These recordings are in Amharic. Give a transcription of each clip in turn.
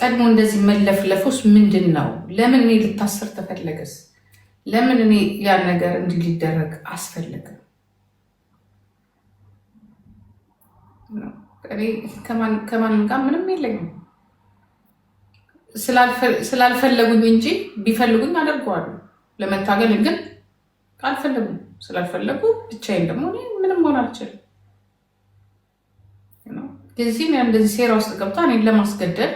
ቀድሞ እንደዚህ መለፍለፉስ ምንድን ነው? ለምን እኔ ልታስር ተፈለገስ? ለምን እኔ ያን ነገር እንዲህ ሊደረግ አስፈለገም? ከማንም ጋር ምንም የለኝም። ስላልፈለጉኝ እንጂ ቢፈልጉኝ አደርገዋለሁ። ለመታገል ግን አልፈለጉም። ስላልፈለጉ ብቻዬን ደግሞ ምንም ሆን አልችልም። ጊዜም ያ እንደዚህ ሴራ ውስጥ ገብታ እኔን ለማስገደል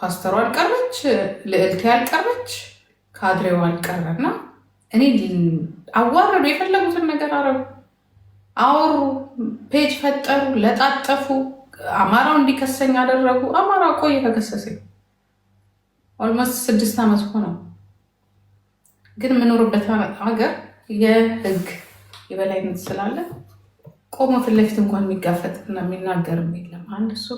ፓስተሩ አልቀረች፣ ልዕልቴ አልቀረች፣ ካድሬው አልቀረና እኔ አዋረዱ። የፈለጉትን ነገር አረቡ፣ አወሩ፣ ፔጅ ፈጠሩ፣ ለጣጠፉ። አማራው እንዲከሰኝ አደረጉ። አማራው ቆየ ከከሰሰኝ ኦልሞስት ስድስት ዓመት ሆነው። ግን የምኖርበት ሀገር የህግ የበላይነት ስላለ ቆሞ ፊት ለፊት እንኳን የሚጋፈጥ እና የሚናገርም የለም። አንድ እሱ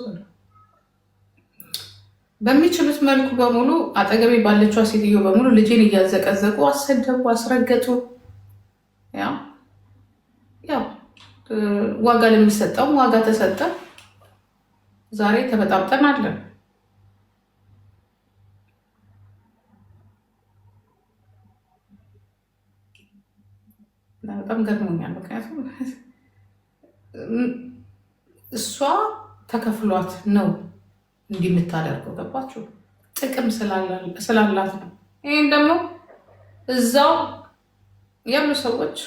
በሚችሉት መልኩ በሙሉ አጠገቤ ባለችዋ ሴትዮ በሙሉ ልጄን እያዘቀዘቁ አሰደቡ፣ አስረገጡ። ዋጋ ለሚሰጠውም ዋጋ ተሰጠ። ዛሬ ተበጣብጠን አለን። በጣም ገርሞኛል። ምክንያቱም እሷ ተከፍሏት ነው እንዲህ የምታደርገው ገባችሁ? ጥቅም ስላላት ነው። ይህን ደግሞ እዛው ያሉ ሰዎች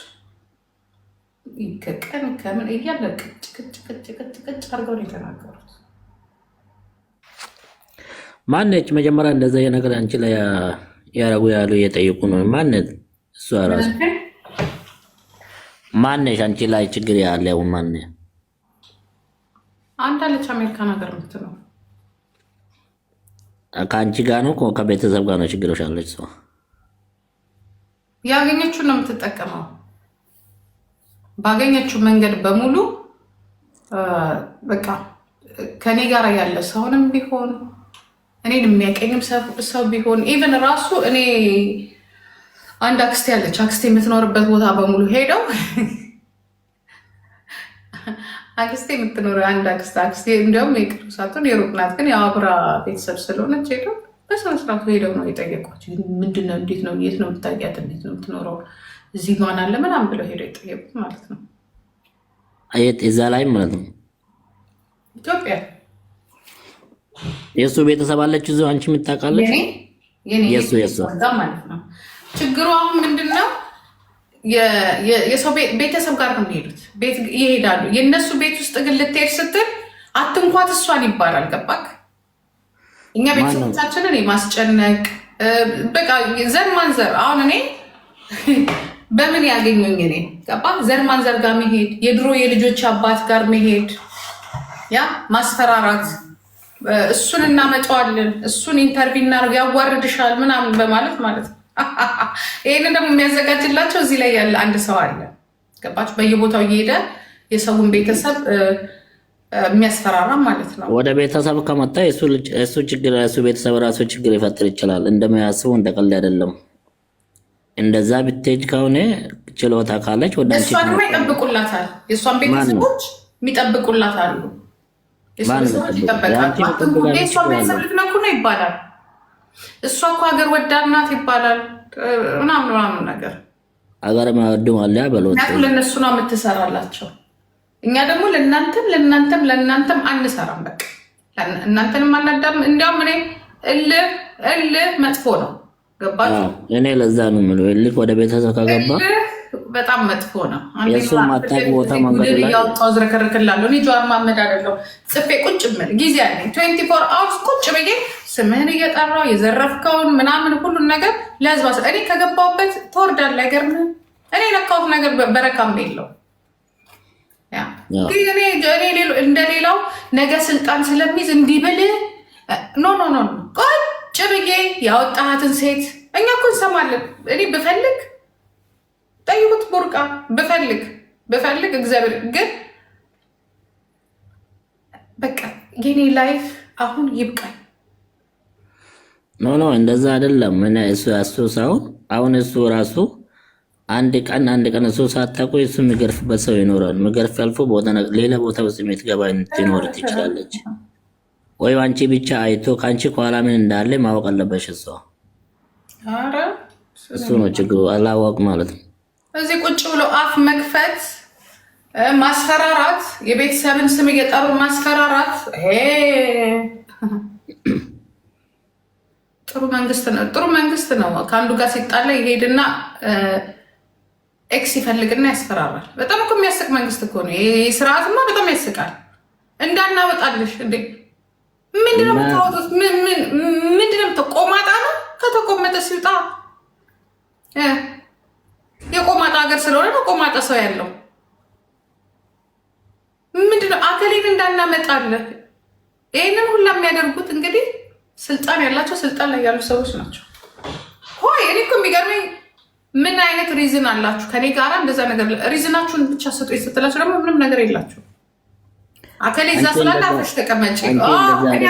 ከቀን ከምን እያለ ቅጭ ቅጭ ቅጭ ቅጭ ቅጭ አድርገው ነው የተናገሩት። ማነች መጀመሪያ እንደዛ የነገር አንቺ ላይ ያረጉ ያሉ እየጠየቁ ነው። ማነት እሱ ራሱ ማነሽ አንቺ ላይ ችግር ያለውን ማነ አንድ አለች አሜሪካን ሀገር ምትለው ከአንቺ ጋር ነው ከቤተሰብ ጋር ነው ችግሮች አለች። ሰው ያገኘችው ነው የምትጠቀመው። ባገኘችው መንገድ በሙሉ በቃ ከኔ ጋር ያለ ሰውንም ቢሆን እኔን የሚያቀኝም ሰው ቢሆን ኢቨን ራሱ እኔ አንድ አክስቴ ያለች አክስቴ የምትኖርበት ቦታ በሙሉ ሄደው አክስቴ የምትኖረው አንድ አክስት አክስቴ እንዲያውም የቅርብ ሳትሆን የሩቅ ናት፣ ግን የአብራ ቤተሰብ ስለሆነች ሄደ በስነ ስርዓቱ ሄደው ነው የጠየቋቸው። ምንድነው? እንዴት ነው? የት ነው የምታውቂያት? እንዴት ነው የምትኖረው? እዚህ ማን አለ ምናምን ብለው ሄደው የጠየቁት ማለት ነው። አየት እዛ ላይም ማለት ነው ኢትዮጵያ የእሱ ቤተሰብ አለች እዚሁ አንቺ የምታውቃለች የእሱ የእሱ ማለት ነው። ችግሩ አሁን ምንድን ነው የሰው ቤተሰብ ጋር ነው የሚሄዱት፣ ይሄዳሉ። የእነሱ ቤት ውስጥ ግን ልትሄድ ስትል አትንኳት እሷን ይባላል። ገባክ? እኛ ቤተሰቦቻችንን የማስጨነቅ በቃ ዘር ማንዘር። አሁን እኔ በምን ያገኙኝ? እኔ ገባክ? ዘር ማንዘር ጋር መሄድ፣ የድሮ የልጆች አባት ጋር መሄድ፣ ያ ማስፈራራት፣ እሱን እናመጣዋለን፣ እሱን ኢንተርቪው እናደርግ፣ ያዋርድሻል ምናምን በማለት ማለት ነው ይህንን ደግሞ የሚያዘጋጅላቸው እዚህ ላይ ያለ አንድ ሰው አለ። ገባች በየቦታው እየሄደ የሰውን ቤተሰብ የሚያስፈራራ ማለት ነው። ወደ ቤተሰብ ከመጣ እሱ ችግር እሱ ቤተሰብ ራሱ ችግር ይፈጥር ይችላል። እንደሚያስቡ እንደቀል አይደለም። እንደዛ ብትሄጅ ከሆነ ችሎታ ካለች ወደ እሷን ይጠብቁላታል። የእሷን ቤተሰቦች የሚጠብቁላታል አሉ። የእሷ ቤተሰብ ይጠበቃል። ቤተሰብ ልትነኩ ነው ይባላል እሷ እኮ ሀገር ወዳድ ናት ይባላል ምናምን ምናምን ነገር አገር ማድማለ በሎት በለወጥ ለእነሱ ነው የምትሰራላቸው። እኛ ደግሞ ለእናንተም ለእናንተም ለእናንተም አንሰራም። በቃ እናንተንም አናዳም። እንዲያውም እኔ እልህ እልህ መጥፎ ነው። ገባችሁ? እኔ ለዛ ነው የምልህ እልህ ወደ ቤተሰብ ከገባ በጣም መጥፎ ነው። እያወጣሁ አዝረከርክላለሁ። እኔ ጀዋር መሀመድ አይደለሁ። ጽፌ ቁጭ ምል ጊዜ አለኝ። ትዌንቲ ፎር አወርስ ቁጭ ብዬ ስምህን እየጠራሁ የዘረፍከውን ምናምን ሁሉን ነገር ለህዝብ እኔ ከገባሁበት ትወርዳለህ። አይገርምህም? እኔ የለካሁት ነገር በረካም የለው። እንደሌላው ነገ ስልጣን ስለሚይዝ እንዲብል ኖ ኖ ኖ፣ ቁጭ ብዬ ያወጣሃትን ሴት እኛ እኮ እንሰማለን። እኔ ብፈልግ ጠይቁት ቡርቃ ብፈልግ ብፈልግ እግዚአብሔር ግን በቃ የኔ ላይፍ አሁን ይብቃል። ኖ ኖ እንደዛ አይደለም። ምን እሱ ያሱ ሳይሆን አሁን እሱ ራሱ አንድ ቀን አንድ ቀን እሱ ሳታውቁ እሱ የሚገርፍበት ሰው ይኖራል። የሚገርፍ ያልፎ ሌላ ቦታ ውስጥ የምትገባ ትኖር ትችላለች። ወይ አንቺ ብቻ አይቶ ከአንቺ ከኋላ ምን እንዳለ ማወቅ አለበሽ። እሷ እሱ ነው ችግሩ፣ አላወቅ ማለት ነው እዚህ ቁጭ ብሎ አፍ መክፈት፣ ማስፈራራት፣ የቤተሰብን ስም እየጠሩ ማስፈራራት ጥሩ መንግስት ነው። ጥሩ መንግስት ነው። ከአንዱ ጋር ሲጣላ ይሄድና ኤክስ ይፈልግና ያስፈራራል። በጣም እኮ የሚያስቅ መንግስት እኮ ነው። ይህ ስርዓትማ በጣም ያስቃል። እንዳናወጣልሽ እንዴ! ምንድነው የምታወጡት? ምንድነው ቆማጣ ነው። ከተቆመጠ ሲውጣ የቆማጣ ሀገር ስለሆነ ነው ቆማጣ ሰው ያለው። ምንድነው አከሌን እንዳናመጣለህ። ይህንን ሁላ የሚያደርጉት እንግዲህ ስልጣን ያላቸው ስልጣን ላይ ያሉ ሰዎች ናቸው። ሆይ እኔ እኮ የሚገርመኝ ምን አይነት ሪዝን አላችሁ ከኔ ጋር እንደዛ ነገር? ሪዝናችሁን ብቻ ስጡ ስትላችሁ ደግሞ ምንም ነገር የላችሁ። አከሌ እዛ ስላለ አፈሽ ተቀመጭ። እኔ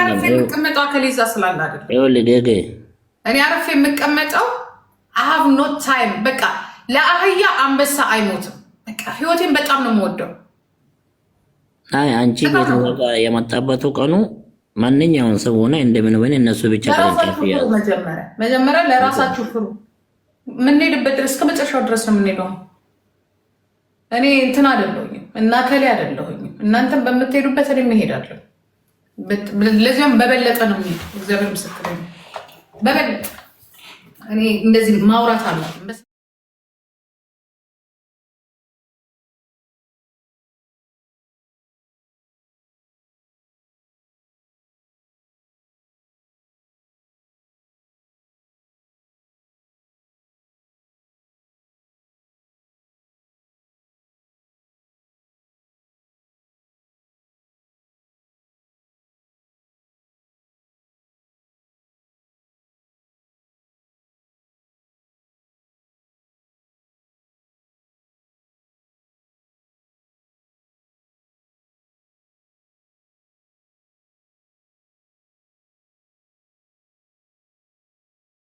አረፌ የምቀመጠው አከሌ እዛ ስላለ አይደለም። እኔ አረፌ የምቀመጠው አሀብ ኖት ታይም በቃ ለአህያ አንበሳ አይሞትም። ህይወቴን በጣም ነው የምወደው። አይ አንቺ ቤት የመጣበቱ ቀኑ ማንኛውን ሰው ሆነ እንደምን ሆነ እነሱ ብቻ መጀመሪያ ለራሳችሁ ፍሩ። የምንሄድበት ድረስ ከመጨረሻው ድረስ ነው የምንሄደው። እኔ እንትን አይደለሁኝም እና ከሌ አይደለሁኝም። እናንተም በምትሄዱበት እኔ እሄዳለሁ። ለዚያም በበለጠ ነው እግዚአብሔር ምስክር በበለጠ እኔ እንደዚህ ማውራት አለ